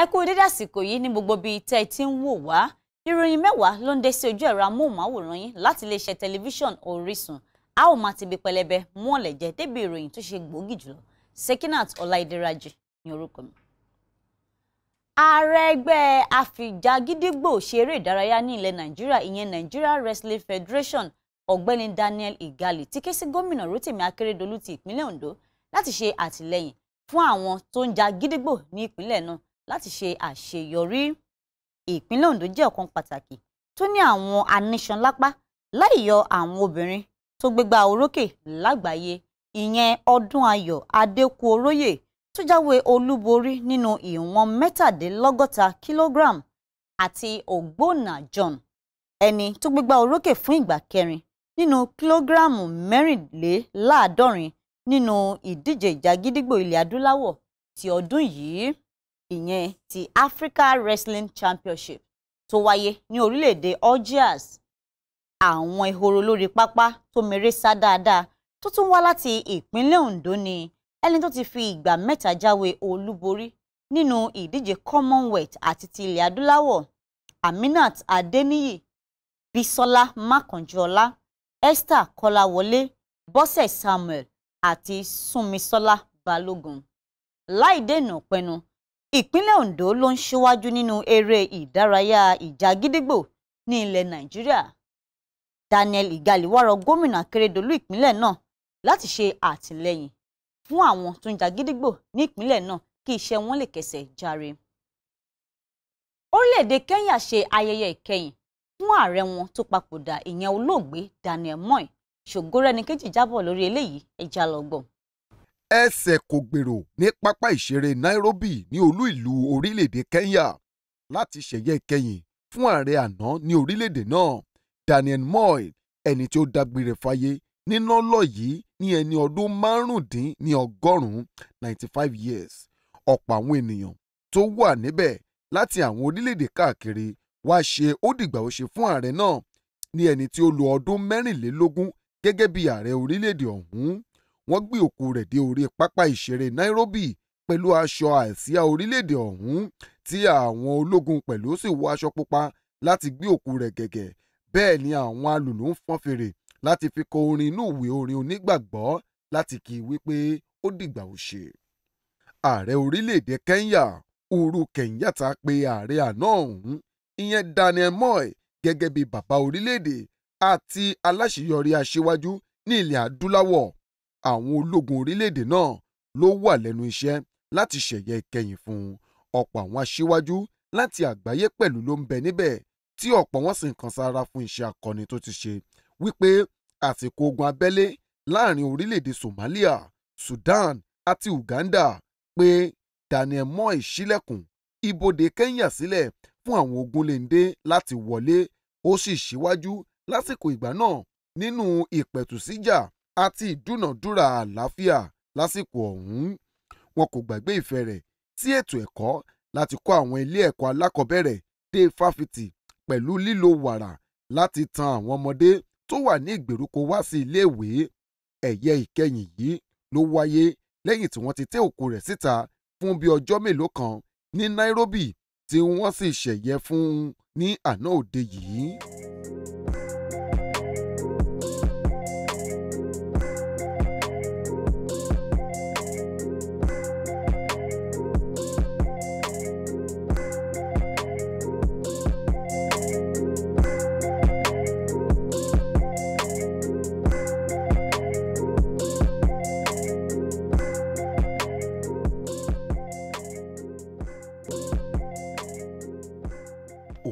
ẹ kú dédé àsìkò yìí ní gbogbo bíi tẹ́ ẹ ti ń wò wá ìròyìn mẹ́wàá ló ń dé sí ojú ẹ̀rọ amóhùnmáwòrán yín láti iléeṣẹ́ tẹlifíṣàn Orísun a ó máa ti bi pẹlẹbẹ mú ọ̀lẹ̀jẹ̀ débi ìròyìn tó ṣe gbòógì jùlọ Sekinat Ọláìdíraji ní orúkọ mi. ààrẹ ẹgbẹ́ àfìjàgídígbò ṣe ìdárayá ní ilẹ̀ Nàìjíríà ìyẹn Nigeria Wrestling Federation ọ̀gbẹ́ni Daniel Igali ti ké sí gómìnà Rotimi Akeredolu ti ìpínlẹ̀ Ondo láti ṣe àtìlẹ́yìn fún àwọn tó ń ja gídígbò ní ìpínlẹ̀ náà láti ṣe àṣeyọrí ìpínlẹ̀ Ondo jẹ́ ọ̀kan pàtàkì tó ní àwọn aníṣanlápá láì yọ àwọn obìnrin tó gbégbá orókè lágbàáyé ìyẹn ọdún ayọ̀ adékúoróyè tó jáwé olúborí nínú ìwọ̀n mẹ́tàdínlọ́gọ́ta kilogram àti ògbónà john ẹni tó gbégbá orókè fún ìgbà kẹrin nínú kílógíráàmù mẹ́rìnléláàádọ́rin nínú ìdíje ìjà gídígbò ilẹ̀ adúláwọ̀ ti ọdún yìí ìyẹn ti Africa Wrestling Championship tó wáyé ní orílẹ̀-èdè Algiers àwọn ehoro lórí pápá tó mèrè sá dáadáa tó tún wá láti ìpínlẹ̀ Ondo ni ẹni tó ti fi ìgbà mẹ́ta jáwé olúborí nínú ìdíje Commonwealth àti ti ilẹ̀ adúláwọ̀ Aminat Adeniyi Bisola Makanjuola Esther Kọ́láwọlé Bọ́sẹ̀ Samuel àti Súnmisọ́lá Balógun láì dènà pẹnu ìpínlẹ̀ Ondo ló ń ṣíwájú nínú eré ìdárayá ìjà gídígbò ní ilẹ̀ Nàìjíríà Daniel igaliwaro wá rọ gómìnà Akérédolú ìpínlẹ̀ náà láti ṣe àtìlẹ́yìn fún àwọn tó ń jà gídígbò ní ìpínlẹ̀ náà kí iṣẹ́ wọn lè kẹsẹ̀ járe orílẹ̀-èdè Kenya ṣe ayẹyẹ ìkẹyìn fún ààrẹ wọn tó papòdà ìyẹn olóògbé Daniel moy ṣògo rẹ́ni kejì jábọ̀ lórí eléyìí ẹja lọ́gbọ̀n ẹsẹ̀ kò gbèrò ní pápá ìṣeré Nairobi ní olú ìlú orílẹ̀-èdè Kenya láti ṣẹ̀yẹ ìkẹyìn fún ààrẹ àná ní orílẹ̀-èdè náà Daniel Moi ẹni tí ó dágbére fáyé níná lọ yìí ní ẹni ọdún márùndínlọ́gọ́rùn-ún ninety five years ọ̀pọ̀ àwọn ènìyàn tó wà níbẹ̀ láti àwọn orílẹ̀-èdè káàkiri wá ṣe ó dìgbà ó ṣe fún ààrẹ náà ní ẹni tí ó lo ọdún mẹ́rìnlélógún gẹ́gẹ́ bí ààrẹ orílẹ̀-èdè ọ̀hún wọ́n gbé òkú rẹ̀ dé orí pápá ìṣeré Nairobi pẹ̀lú aṣọ àsíá orílẹ̀-èdè ọ̀hún tí àwọn ológun pẹ̀lú sì wọ aṣọ pupa láti gbé òkú rẹ̀ gẹ̀gẹ̀ bẹ́ẹ̀ ni àwọn alùlù ń fọ́n fèrè láti fi kọ orin inú ìwé orin onígbàgbọ́ láti kí i wípé ó dìgbà ò ṣe. ààrẹ orílẹ̀-èdè Kenya Uhuru Kenyatta pe ààrẹ àná ọ̀hún ìyẹn Daniel Moi gẹ́gẹ́ bí bàbá orílẹ̀-èdè àti aláṣeyọrí aṣíwájú ní ilẹ̀ adúláwọ̀ àwọn ológun orílẹ̀-èdè náà ló wà lẹ́nu iṣẹ́ láti ṣẹ̀yẹ ìkẹyìn fún un ọ̀pọ̀ àwọn aṣíwájú láti àgbáyé pẹ̀lú ló ń bẹ níbẹ̀ tí ọ̀pọ̀ wọn sì ń kan sára fún iṣẹ́ akọni tó ti ṣe wípé àsìkò ogun abẹ́lé láàrin orílẹ̀-èdè Somalia Sudan àti Uganda pé Daniel Moi ṣílẹ̀kùn ibodè Kenya sílẹ̀ fún àwọn ogunléndé láti wọlé ó sì ṣíwájú lásìkò ìgbà náà nínú ìpẹ̀tùsíjà àti ìdúnàdúrà àlàáfíà lásìkò ọ̀hún wọn kò gbàgbé ìfẹ́ rẹ̀ sí ètò ẹ̀kọ́ láti kọ́ àwọn ilé ẹ̀kọ́ alákọ̀ọ́bẹ̀rẹ̀ dé fáfitì pẹ̀lú lílo wàrà láti tan àwọn ọmọdé tó wà ní ìgbèríko wá sí iléèwé ẹ̀yẹ ìkẹyìn yìí ló wáyé lẹ́yìn tí wọ́n ti tẹ́ òkú rẹ̀ síta fún bí ọjọ́ mélòó kan ní Nairobi tí wọ́n sì ṣẹ̀yẹ fún un ní àná òde yìí.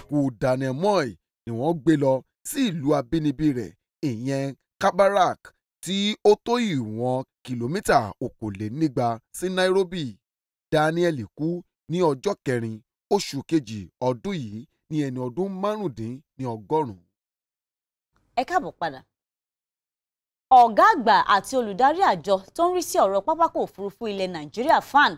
Ku Daniel Moy ni wọ́n gbé lọ sí ìlú abínibí rẹ̀ ìyẹn Kabarak tí ó tó ìwọ̀n kìlómítà okòlénígba sí Nairobi. Daniel kú ní ọjọ́ kẹrin oṣù kejì ọdún yìí ní ẹni ọdún márùndínlọ́gọ́rùn-ún. ẹ káàbọ̀ padà ọ̀gá àgbà àti olùdarí àjọ tó ń rí sí ọ̀rọ̀ pápákọ̀ òfurufú ilẹ̀ Nàìjíríà FAN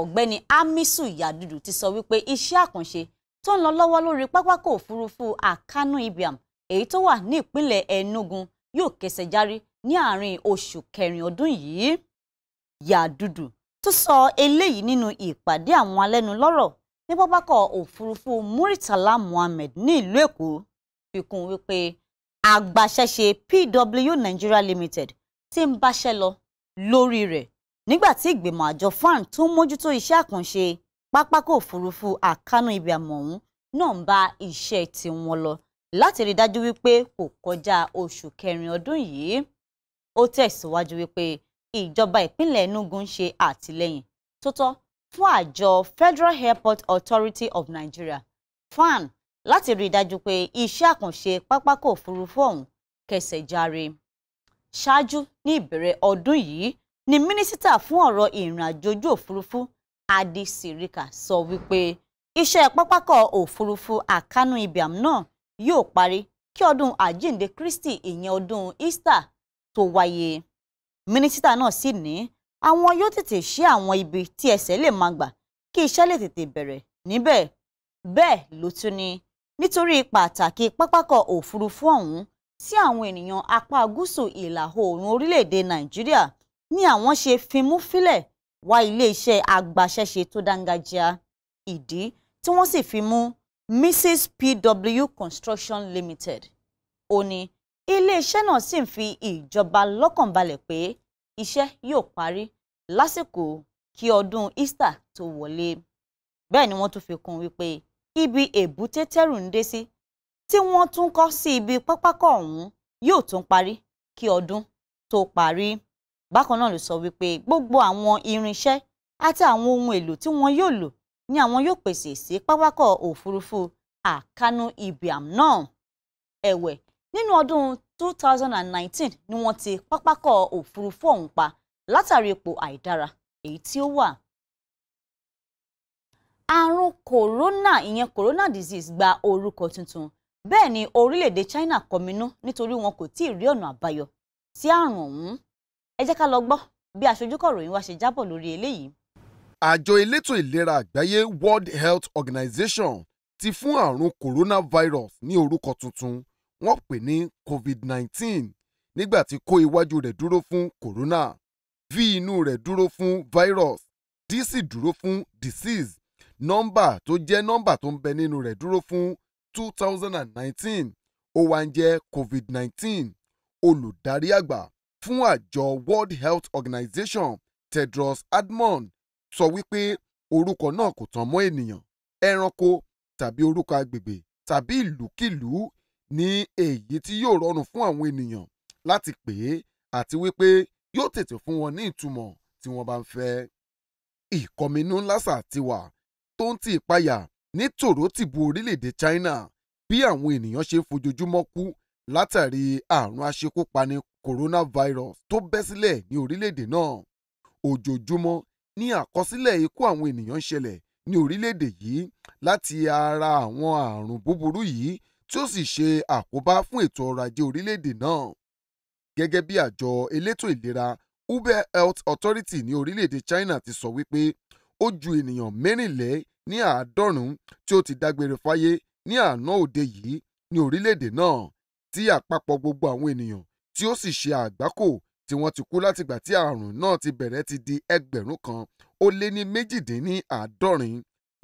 ọ̀gbẹ́ni Amisu Yadudu ti sọ wípé iṣẹ́ àkànṣe tó ń lọ lọ́wọ́ lórí pápákọ̀ òfurufú Akanu Ibiam èyí tó wà ní ìpínlẹ̀ Enugu yóò kẹsẹ̀ járí ní àárín oṣù kẹrin ọdún yìí Yàdùdù tó sọ eléyìí nínú ìpàdé àwọn alẹ́nulọ́rọ̀ ní pápákọ̀ òfurufú Muritala Muhammed ní ìlú Èkó fi kún wípé agbaṣẹ́ṣe PW Nigeria Limited ti ń báṣẹ́ lọ lórí rẹ̀ nígbà tí ìgbìmọ̀ àjọ fan tó ń mójútó iṣẹ́ àkànṣe pápákọ̀ òfurufú àkánú ibi àmọ̀hún náà ń bá iṣẹ́ tiwọn lọ láti rí dájú wípé kò kọjá oṣù kẹrin ọdún yìí ó tẹ̀síwájú wípé ìjọba ìpínlẹ̀ Enugu ń ṣe àtìlẹ́yìn tó tọ́ fún àjọ Federal Airport Authority of Nigeria fan láti rí dájú pé iṣẹ́ àkànṣe pápákọ̀ òfurufú ọ̀hún kẹsẹ̀ járe ṣáájú ní ìbẹ̀rẹ̀ ọdún yìí ni mínísítà fún ọ̀rọ̀ ìrìnàjò ojú òfurufú Adi Sirika sọ wípé iṣẹ́ pápákọ̀ òfurufú Akanu Ibiam náà yóò parí kí ọdún àjíǹde Kristi ìyẹn ọdún Easter tó wáyé mínísítà náà sì ní àwọn yóò tètè ṣí àwọn ibi tí ẹsẹ̀ lè máa gbà kí iṣẹ́ lè tètè bẹ̀rẹ̀ níbẹ̀ bẹ́ẹ̀ ló tún ní nítorí pàtàkì pápákọ̀ òfurufú ọ̀hún sí àwọn ènìyàn apá gúúsù ìlà oòrùn orílẹ̀ Nàìjíríà ni àwọn ṣe fimú fílẹ̀ wá iléeṣẹ́ agbaṣẹ́ṣe tó dángájíá ìdí tí wọ́n sì fi mú Mrs PW Construction Limited ó ní iléeṣẹ́ náà sì ń fi ìjọba lọ́kàn balẹ̀ pé iṣẹ́ yóò parí lásìkò kí ọdún Easter tó wọlé bẹ́ẹ̀ ni wọ́n tún fi kún wípé ibi èbúté tẹ́rù ń dé sí tí wọ́n tún kọ́ sí ibi pápákọ̀ ọ̀hún yóò tún parí kí ọdún tó parí bákan náà ló sọ wípé gbogbo àwọn irinṣẹ́ àti àwọn ohun èlò tí wọ́n yóò lò ni àwọn yóò pèsè sí pápákọ̀ òfurufú àkánú ibiam náà ẹ̀wẹ̀ nínú ọdún 2019 ni wọ́n ti pápákọ̀ òfurufú ọ̀hún pa látàrí ipò àìdára èyí tí ó wà. àrùn kòrónà ìyẹn corona disease gba orúkọ tuntun bẹ́ẹ̀ ni orílẹ̀ China kọminú nítorí wọn kò tí ì rí ọ̀nà àbáyọ sí àrùn ọ̀hún ẹ jẹ́ ká lọ gbọ́ bí aṣojú kọ̀ròyìn wa ṣe jábọ̀ lórí eléyìí. àjọ elétò ìlera àgbáyé World Health Organization ti fún àrùn coronavirus ní orúkọ tuntun wọ́n pè ní COVID-19 nígbà tí kó iwájú rẹ̀ dúró fún corona v inú rẹ̀ dúró fún virus d sì dúró fún disease nọ́mbà tó jẹ́ nọ́mbà tó ń bẹ nínú rẹ̀ dúró fún 2019 ó wá ń jẹ́ COVID-19 olùdarí àgbà fún àjọ World Health Organization Tedros Adhanom sọ wípé orúkọ náà kò tán mọ́ ènìyàn ẹranko tàbí orúkọ agbègbè tàbí ìlúkìlú ní èyí tí yóò rọrùn fún àwọn ènìyàn láti pè é àti wípé yóò tètè fún wọn ní ìtumọ̀ tí wọ́n bá ń fẹ́. ìkọminú lásà ti wà tó ń ti ìpayà ní tòrótìbù orílẹ̀-èdè China bí àwọn ènìyàn ṣe ń fojoojúmọ́ kú látàrí àrùn aṣekúpani coronavirus tó bẹ́ sílẹ̀ ní orílẹ̀-èdè náà ojoojúmọ́ ní àkọsílẹ̀ ikú àwọn ènìyàn ń ṣẹlẹ̀ ní orílẹ̀-èdè yìí láti ara àwọn àrùn búburú yìí tí ó sì ṣe àkóbá fún ètò ọrọ̀ ajé orílẹ̀-èdè náà gẹ́gẹ́ bí àjọ elétò ìlera Hubei Health Authority ní orílẹ̀-èdè China ti sọ wípé ó ju ènìyàn mẹ́rìnlẹ́ ní àádọ́rùn-ún tí ó ti dágbére fáyé ní àná òde yìí ní orílẹ̀-èdè náà tí àpapọ̀ gbogbo àwọn ènìyàn tí ó sì ṣe àgbákò tí wọ́n ti kú látìgbà tí àrùn náà ti bẹ̀rẹ̀ ti di ẹgbẹ̀rún kan ó lé ní méjìdínláàádọ́rin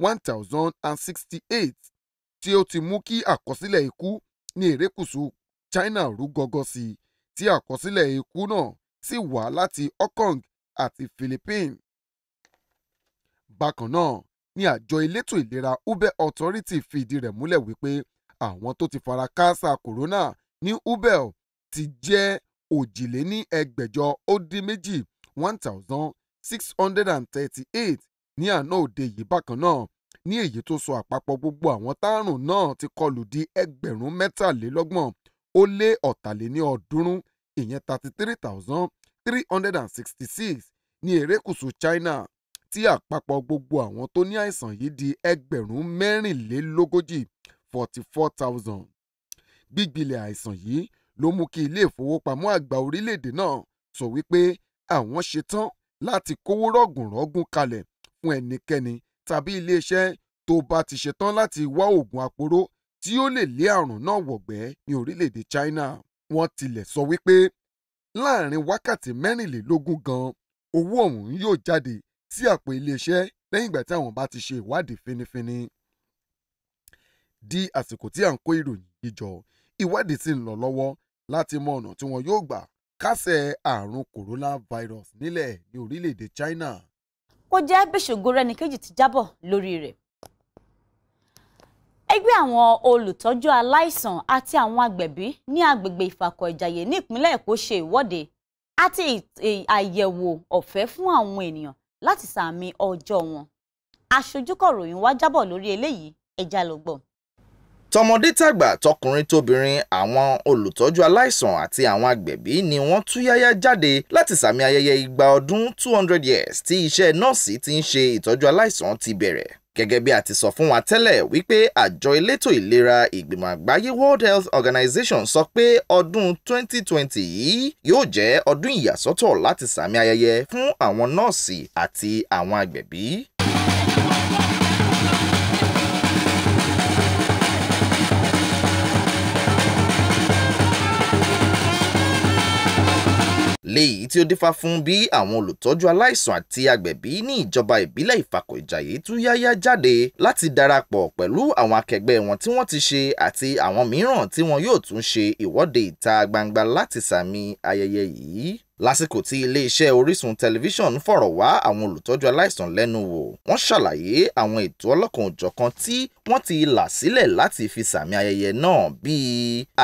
one thousand and sixty-eight tí ó ti mú kí àkọsílẹ̀ ikú ní erékùṣù China rú gọ́gọ́ sí i tí àkọsílẹ̀ ikú náà sì wá láti Hong Kong àti Philippines. Bákan náà ni àjọ elétò ìlera Hubei Authority fìdí rẹ̀ múlẹ̀ wípé àwọn tó ti fara káásá kòrónà ní Ubel ti jẹ́ òjìléníẹgbẹ̀jọ ó dín méjì one thousand six hundred and thirty-eight ní àná òde yìí bákan náà ní èyí tó sọ àpapọ̀ gbogbo àwọn tárùn náà ti kọlù di ẹgbẹ̀rún mẹ́tàlélọ́gbọ̀n ó lé ọ̀tàléníọ̀ọ́dúnrún ìyẹn thirty three thousand three hundred and sixty six ní erékùṣù China tí àpapọ̀ gbogbo àwọn tó ní àìsàn yìí di ẹgbẹ̀rún mẹ́rìnlélógójì forty four thousand gbígbilẹ̀ àìsàn yìí ló mú kí ilé ìfowópamọ́ àgbà orílẹ̀-èdè náà sọ wípé àwọn ṣetán láti kówó rọ̀gùnrọ̀gùn kalẹ̀ fún ẹnikẹ́ni tàbí iléeṣẹ́ tó bá ti ṣetán láti wá oògùn àpòró tí ó lè lé àrùn náà wọ̀gbẹ́ ní orílẹ̀-èdè China. Wọ́n tilẹ̀ sọ wípé láàrin wákàtí mẹ́rìnlélógún gan owó ọ̀hún yóò jáde sí àpò iléeṣẹ́ lẹ́yìn ìgbà tí àwọn bá ti ṣe ìwádìí finifini. Di àsìkò tí à ń kó ìròyìn yìí jọ ìwádìí sì ń lọ lọ́wọ́ láti mọ ọ̀nà tí wọn yóò gbà kásẹ̀ àrùn coronavirus nílẹ̀ ní orílẹ̀-èdè China. ó jẹ́ bẹ́ṣògo rẹ́nìkejì ti jábọ̀ lórí rẹ̀. ẹgbẹ́ àwọn olùtọ́jú aláìsàn àti àwọn agbẹ̀bí ní agbègbè ìfàkọ̀ìjàyè ní ìpínlẹ̀ Èkó ṣe ìwọ́de àti àyẹ̀wò ọ̀fẹ́ fún àwọn ènìyàn láti sàmì ọjọ́ wọn. aṣojú kọ̀ròyìn wa jábọ̀ lórí eléyìí ẹja lọ gbọ́ tọmọdé tàgbà tọkùnrin tóbìnrin àwọn olùtọ́jú aláìsàn àti àwọn agbẹ̀bí ni wọ́n tú yáyá jáde láti sàmì ayẹyẹ igba ọdún two hundred years tí iṣẹ́ nọ́ọ̀sì ti ń ṣe ìtọ́jú aláìsàn ti bẹ̀rẹ̀ gẹ́gẹ́ bí a ti sọ fún wa tẹ́lẹ̀ wípé àjọ elétò ìlera ìgbìmọ̀ àgbáyé World Health Organization sọ pé ọdún 2020 yìí yóò jẹ́ ọdún ìyàsọ́tọ̀ láti sàmì ayẹyẹ fún àwọn nọ́ọ̀sì àti àwọn agbẹ̀bí. léyìí tí ó dífá fún bí àwọn olùtọ́jú aláìsàn àti agbẹ̀bí ní ìjọba ìbílẹ̀ ìfakọ̀ ìjàyè tú yáyá jáde láti darapọ̀ pẹ̀lú àwọn akẹgbẹ́ wọn tí wọ́n ti ṣe àti àwọn mìíràn tí wọn yóò tún ṣe ìwọ́de ìta gbangba láti sàmì ayẹyẹ yìí lásìkò tí iléeṣẹ́ Orísun tẹlifíṣàn fọ̀rọ̀ wá àwọn olùtọ́jú aláìsàn lẹ́nu wò wọ́n ṣàlàyé àwọn ètò ọlọ́kan òjọ̀kan tí wọ́n ti là sílẹ̀ láti fi sàmì ayẹyẹ náà bíi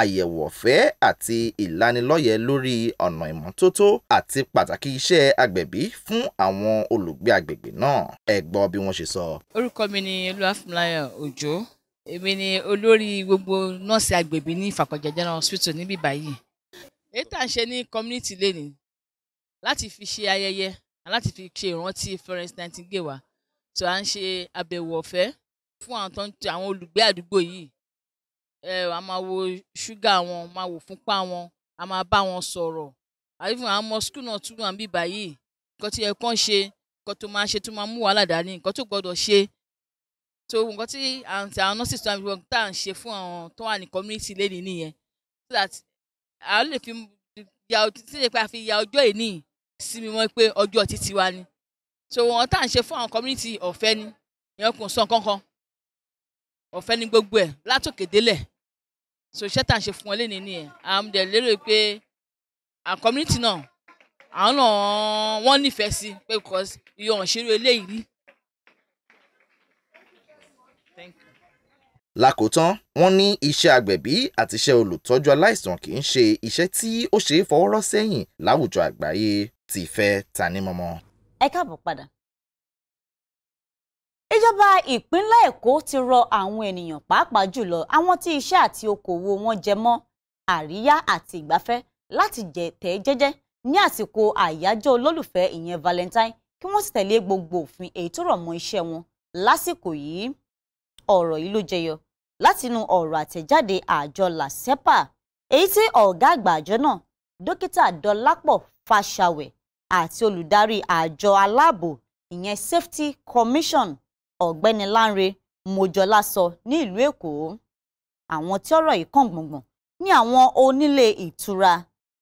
àyẹ̀wò ọ̀fẹ́ àti ìlanilọ́yẹ lórí ọ̀nà ìmọ́tótó àti pàtàkì iṣẹ́ agbẹ̀bí fún àwọn olùgbé agbègbè náà ẹ gbọ́ bí wọ́n ṣe sọ. orúkọ mi ni Olúwafúnmiláyọ̀ Òjó èmi ni olórí gbogbo nọ́ọ̀sì agbègbè ní Ìfàkọ̀jà General Hospital níbí báyìí èyí tá ṣe ní community lẹ́nìí láti fi ṣe ayẹyẹ láti fi ṣe ìrántí Florence Nightingale wa tó à ń ṣe àbẹ̀wò ọ̀fẹ́ fún àwọn tó ń tẹ àwọn olùgbé àdúgbò yìí ẹ a máa wo ṣúgà wọn máa wò fúnpá wọn a máa bá wọn sọ̀rọ̀ àyífún àwọn ọmọ skul náà tún wà bíbá yìí nǹkan tí ẹ̀kan ṣe nǹkan tó máa ṣe tó máa mú wàhálà dání nǹkan tó gbọdọ̀ ṣe tó nǹkan tí àǹtí àwọn nọ́ọ̀sì tó àwọn tá à ń ṣe fún àwọn tó wà ní community lẹ́ni nìyẹn so that a lè fi ya ojú tí lè pa fi ya ọjọ́ ìní sí mi mọ́ pé ọjọ́ títí wa ni so wọn tá à ń ṣe fún àwọn community ọ̀fẹ́ ni ìyẹn kò sàn kankan ọ̀fẹ́ ni gbogbo ẹ̀ látòkè délẹ̀ so iṣẹ́ tá à ń ṣe fún wọn lénìí nìyẹn àwọn dẹ̀ lérò pé àwọn community náà àwọn náà wọ́n nífẹ̀ẹ́ sí pé because iye ọ̀ṣẹ́rú eléyìí rí lákòótán wọ́n ní iṣẹ́ agbẹ̀bí àti iṣẹ́ olùtọ́jú aláìsàn kì í ṣe iṣẹ́ tí ó ṣeé fọwọ́rọ́ sẹ́yìn láwùjọ àgbáyé ti fẹ́ Tanímọ̀mọ́. ẹ káàbọ̀ padà ìjọba ìpínlẹ̀ èkó ti rọ àwọn ènìyàn pàápàá jùlọ àwọn tí iṣẹ́ àti okòwò wọn jẹ mọ́ àríyá àti ìgbafẹ́ láti jẹ tẹ́ jẹ́jẹ́ ní àsìkò àyájọ́ olólùfẹ́ ìyẹn valentine kí wọ́n sì tẹ̀lé gbogbo òfin èyí tó rọ̀ mọ́ iṣẹ́ wọn lásìkò yìí ọ̀rọ̀ yìí ló jẹyọ látinú ọ̀rọ̀ àtẹ̀jáde àjọ lasepa èyí tí ọ̀gá àgbà àjọ náà dókítà dọlápọ̀ fàṣàwẹ̀ àti olùdarí àjọ aláàbò ìyẹn Safety Commission ọ̀gbẹ́ni Lánre Mojọlá sọ ní ìlú Èkó àwọn tí ọ̀rọ̀ yìí kàn gbọ̀ngbọ̀n ní àwọn onílé ìtura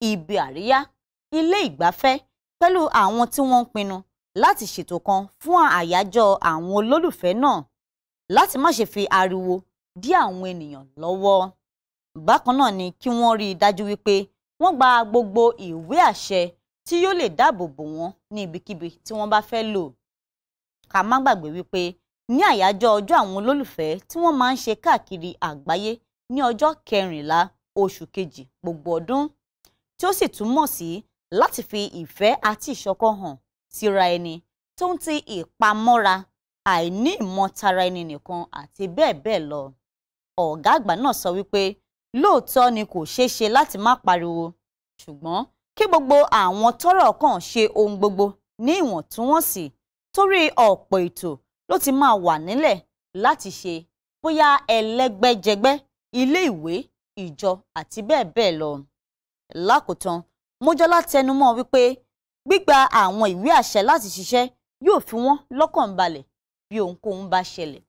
ibi àríyá ilé ìgbafẹ́ pẹ̀lú àwọn tí wọ́n ń pinnu láti ṣètò kan fún àyájọ́ àwọn olólùfẹ́ náà láti má ṣe fi ariwo dí àwọn ènìyàn lọ́wọ́ bákan náà ni kí wọ́n rí i dájú wípé wọ́n gba gbogbo ìwé àṣẹ tí yóò lè dáàbò bò wọ́n ní ibikíbi tí wọ́n bá fẹ́ lò. ká má gbàgbé wípé ní àyájọ́ ọjọ́ àwọn olólùfẹ́ tí wọ́n máa ń ṣe káàkiri àgbáyé ní ọjọ́ kẹrìnlá oṣù kejì gbogbo ọdún tí ó sì túmọ̀ sí láti fi ìfẹ́ àti ìṣọ̀kan hàn síra ẹni tó ń ti ìpamọ́ra àìní ìmọ̀tara ẹni nìkan àti bẹ́ẹ̀ bẹ́ẹ̀ lọ. ọ̀gá àgbà náà sọ wípé lóòótọ́ ni kò ṣeé ṣe láti má pariwo ṣùgbọ́n kí gbogbo àwọn tọ́rọ̀ kàn ṣe ohun gbogbo ní ìwọ̀ntúnwọ̀nsì torí ọ̀pọ̀ ètò ló ti máa wà nílẹ̀ láti ṣe bóyá ẹlẹ́gbẹ́jẹgbẹ́ ilé ìwé ìjọ àti bẹ́ẹ̀ bẹ́ẹ̀ lọ. lákòótán Mọ́jọ́lá tẹnumọ́ wípé gbígba àwọn ìwé àṣẹ láti ṣiṣẹ́ yóò fi wọ́n lọ́kàn balẹ̀ bí ohunkóhun bá ṣẹlẹ̀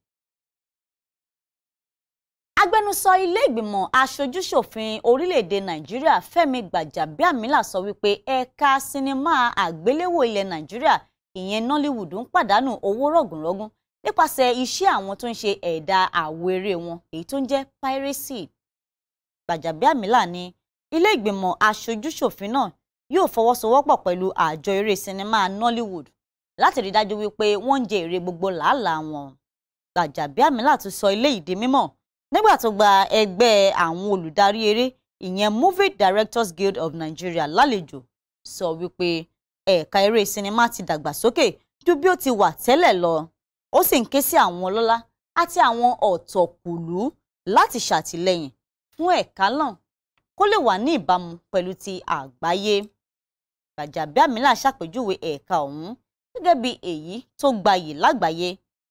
agbẹnusọ ilé ìgbìmọ̀ aṣojúṣòfin orílẹ̀-èdè nàìjíríà fẹ́mi gbàjàbíàmílà sọ wípé ẹ̀ka sinimá àgbéléwò ilẹ̀ nàìjíríà ìyẹn nollywood ń pàdánù owó rọ̀gùnrọ̀gùn nípasẹ̀ iṣẹ́ àwọn tó ń ṣe ẹ̀dà àwo eré wọn èyí tó ń jẹ́ piracy gbàjàbíàmílà ní ilé ìgbìmọ̀ aṣojúṣòfin náà yóò fọwọ́sowọ́pọ̀ pẹ̀lú àjọ eré sinimá nollywood láti rí dájú wípé wọ́n ń jẹ èrè gbogbo làálàá wọn gbàjàbíàmílà tún sọ ilé ìdí mímọ̀ nígbà tó gba ẹgbẹ́ àwọn olùdarí eré ìyẹn Movie Directors Guild of Nigeria lálejò sọ wípé ẹ̀ka eré sinimá ti dàgbàsókè ju bí ó ti wà tẹ́lẹ̀ lọ ó sì ń ké sí àwọn ọlọ́lá àti àwọn ọ̀tọ̀kùlú láti ṣàtìlẹ́yìn fún ẹ̀ka náà kó lè wà ní ìbámu pẹ̀lú ti àgbáyé Gbajabiamila ṣàpèjúwe ẹ̀ka ọ̀hún gẹ́gẹ́ bí èyí tó gbayì lágbàáyé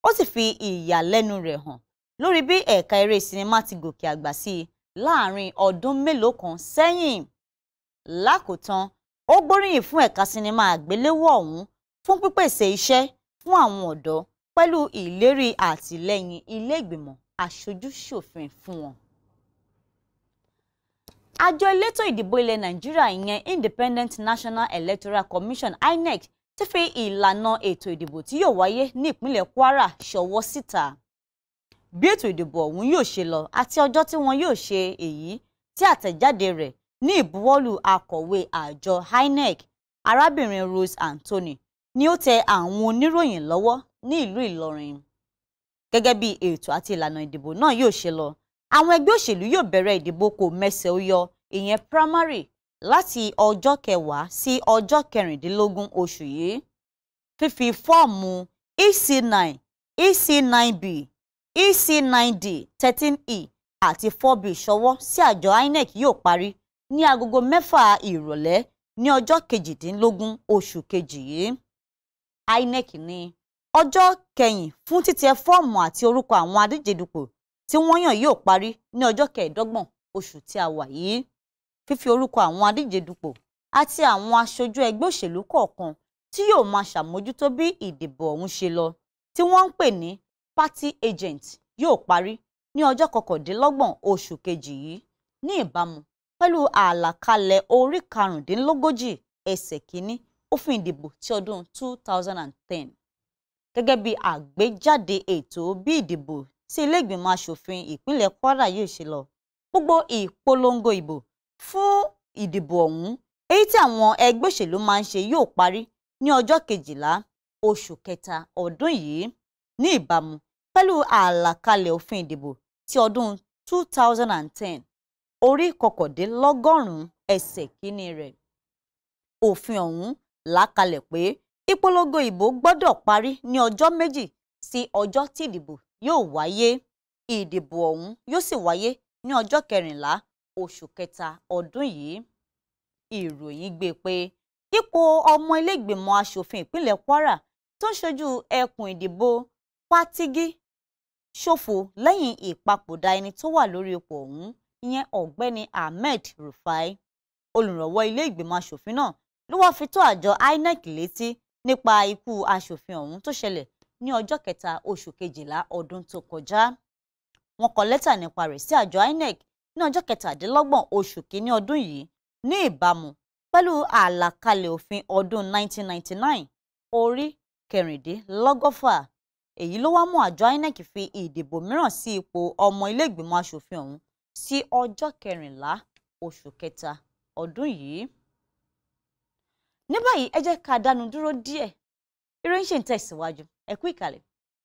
ó sì fi ìyàlẹ́nu rẹ̀ hàn lórí bí ẹ̀ka eré sinimá ti gòkè àgbà sí i láàrin ọdún mélòó kan sẹ́yìn lákòótán ó gbóríyìn fún ẹ̀ka sinimá àgbéléwò ọ̀hún fún pípèsè iṣẹ́ fún àwọn ọ̀dọ́ pẹ̀lú ìlérí àtìlẹ́yìn ilé ìgbìmọ̀ aṣojú-ṣòfin fún wọn. àjọ elétò ìdìbò ilẹ̀ nàìjíríà ìyẹn Independent National Electoral Commission INEC ti fi ìlànà ètò ìdìbò tí yóò wáyé ní ìpínlẹ̀ Kwara ṣọwọ́ síta bí ètò ìdìbò ọ̀hún yóò ṣe lọ àti ọjọ́ tí wọn yóò ṣe èyí tí àtẹ̀jáde rẹ̀ ní ìbuwọ́lù akọ̀wé àjọ INEC arábìnrin Rose Anthony ni ó tẹ àwọn oníròyìn lọ́wọ́ ní ìlú Ìlọrin gẹ́gẹ́ bí ètò àti ìlànà ìdìbò náà yóò ṣe lọ àwọn ẹgbẹ́ òṣèlú yóò bẹ̀rẹ̀ ìdìbò kò mẹsẹ̀ ó yọ ìyẹn primary láti ọjọ́ kẹwàá sí ọjọ́ kẹrìndínlógún oṣù yìí fífi fọ́ọ̀mù EC9 EC9B ec9d 13e àti 4b ṣọwọ́ sí àjọ inec yóò parí ní agogo mẹ́fà ìrọ̀lẹ́ ní ọjọ́ kejìdínlógún oṣù kejì yìí inec ní ọjọ́ kẹyìn fún títẹ fọ́ọ̀mù àti orúkọ àwọn adíjedupò tí wọ́n yàn yóò parí ní ọjọ́ kẹẹ̀ẹ́dọ́gbọ̀n oṣù tí a wà yìí fífi orúkọ àwọn adíjedupò àti àwọn aṣojú ẹgbẹ́ òṣèlú kọ̀ọ̀kan tí yóò máa ṣàmójútó bí ìdìbò ọ̀hún ṣe lọ tí wọ́n ń pè ní party agent yóò parí ní ọjọ́ kọkàndínlọ́gbọ̀n oṣù kejì yìí ní ìbámu pẹ̀lú àlàkalẹ̀ orí karùndínlógójì ẹsẹ̀ kínní òfin ìdìbò ti ọdún 2010 gẹ́gẹ́ bí àgbéjáde ètò bí ìdìbò tí iléègbìmọ̀ asòfin ìpínlẹ̀ Kwara yóò ṣe lọ gbogbo ìpolongo ìbò fún ìdìbò ọ̀hún èyí tí àwọn ẹgbẹ́ òṣèlú máa ń ṣe yóò parí ní ọjọ́ kejìlá oṣù kẹta ọdún yìí ní ìbámu pẹ̀lú àlàkalẹ̀ òfin ìdìbò ti ọdún 2010 orí kọkàndínlọ́gọ́rùn-ún ẹsẹ̀ kínní rẹ̀. òfin ọ̀hún làkalẹ̀ pé ìpolongo ìbò gbọ́dọ̀ parí ní ọjọ́ méjì sí ọjọ́ tí ìdìbò yóò wáyé ìdìbò ọ̀hún yóò sì wáyé ní ọjọ́ kẹrìnlá oṣù kẹta ọdún yìí. ìròyìn gbé pé ipò ọmọ ilé ìgbìmọ̀ asòfin ìpínlẹ̀ Kwara tó ń ṣojú ẹkùn ìdìbò Patigi ṣòfò lẹ́yìn ìpapòdà ẹni tó wà lórí ipò ọ̀hún ìyẹn ọ̀gbẹ́ni Ahmed Rufai olùrànwọ́ ilé ìgbìmọ̀ asòfin náà ló wáá fi tó àjọ INEC létí nípa ikú asòfin ọ̀hún tó ṣẹlẹ̀ ní ọjọ́ kẹta oṣù kejìlá ọdún tó kọjá wọ́n kọ lẹ́tà nípa rẹ̀ sí àjọ INEC ní ọjọ́ kẹtàdínlọ́gbọ̀n oṣù kínní ọdún yìí ní ìbámu pẹ̀lú àlàkalẹ̀ òfin ọdún 1999 orí kẹrìndínlọ́gọ́fà èyí ló wá mú àjọ INEC fi ìdìbò mìíràn sí ipò ọmọ iléègbìmọ̀ asòfin ọ̀hún sí ọjọ́ kẹrìnlá oṣù kẹta ọdún yìí. ní báyìí ẹ jẹ́ ká dánu dúró díẹ̀ eré ń ṣe ń tẹ̀síwájú ẹ ìkàlẹ̀.